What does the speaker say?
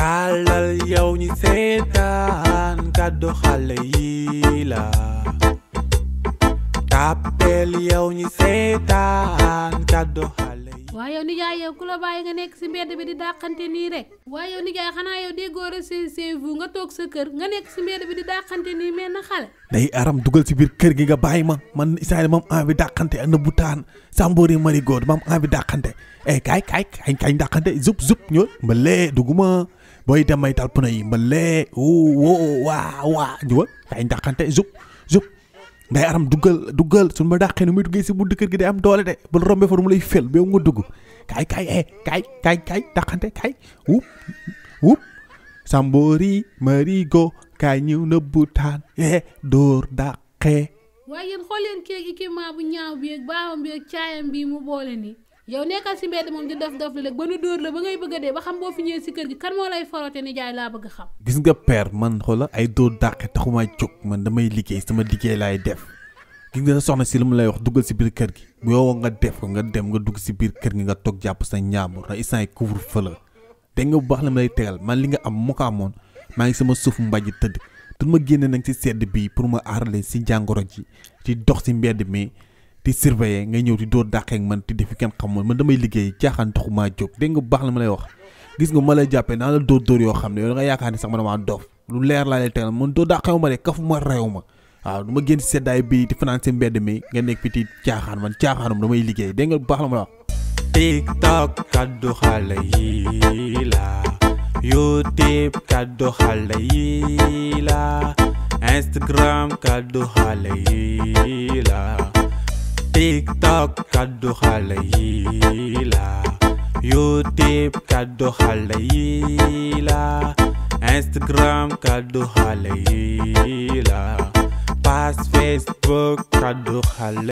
tàllal yow ñi seetaan kàddu xale yi la yow ñi seetaan kàddu waaye yow nijaay yow ku la bàyyi nga nekk si mbedd bi di dàqante nii rek waaye yow nijaay xanaa yow déggoo recevez-vous nga toog sa kër nga nekk si mbedd bi di dàqante nii mel na xale day aram dugal si biir kër gi nga bàyyi ma man isaani maam envie dàqante na bu taan sàmboori mari góor maam envie dàqante eh kaay kaay kaay kaay dàqante zup zup ñëw mba lee duguma booy dem may day aram duggal duggal su ma dàqee ne muy duggee si bunt kër gi day am doole de bul rombe fa mu lay fel ba nga dugg kaay kaay eh kaay kaay kaay dàqante kaay wup wup sambori marigo kaay ñëw na butaan eh dóor dàqee waaye yéen xool leen keeg équipement bu ñaaw bi ak baawam bi ak caayam bi mu boole nii yow nekkal si mbedd moom di def def la ba nu dóor la ba ngay bëgg a dee ba xam boo fi ñëwee si kër gi kan moo lay forote ni laa bëgg xam. gis nga peer man xoola ay dóor dàqe taxumaa jóg man damay liggéey sama liggéey laay def gis nga soxna si li mu lay wax duggal si biir kër gi bu yow nga def ko nga dem nga dugg si biir kër gi nga toog jàpp sa njaamu na instant yi couvre feu la nga bu baax la ma lay tegal man li nga am moo maa ngi sama suuf mbàjj tëdd du ma génne nag si sedd bi pour ma aar si jàngoro ji di dox si mbedd mi di surveiller ngay ñëw di dóor dàqeek man di defi kenn xamul man damay liggéey caaxaan taxu maa jóg dégg nga bu baax la ma lay wax gis nga ma lay jàppee naa la dóor dóor yoo xam ne yow da nga yaakaar ne sax ma damaa dof lu leer laa lay tegal man dóor dàqeewu ma de kafu ma reew ma waaw du ma génn si seddaay bi di financé mbedd mi nga nekk fii ci caaxaan man caaxaanum damay liggéey dégg nga bu baax la ma lay wax tiktok kaddu xale la youtube kaddu xale yi la instagram kaddu kaddu xale yi la YouTube kaddu xale yi la Instagram kaddu Facebook kaddu xale